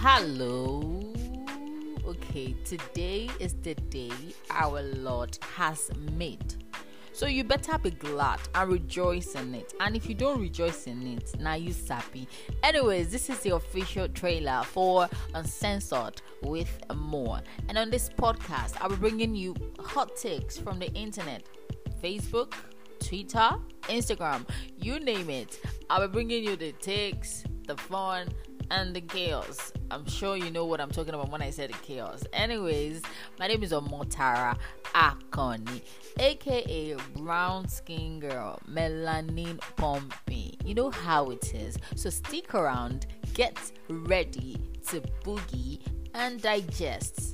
Hello. Okay, today is the day our Lord has made. So you better be glad and rejoice in it. And if you don't rejoice in it, now you sappy. Anyways, this is the official trailer for Uncensored with More. And on this podcast, I'll be bringing you hot takes from the internet, Facebook, Twitter, Instagram, you name it. I'll be bringing you the takes, the fun, and the chaos. I'm sure you know what I'm talking about when I said chaos. Anyways, my name is Omotara Akoni, aka Brown Skin Girl, Melanin Pumping. You know how it is. So stick around, get ready to boogie and digest.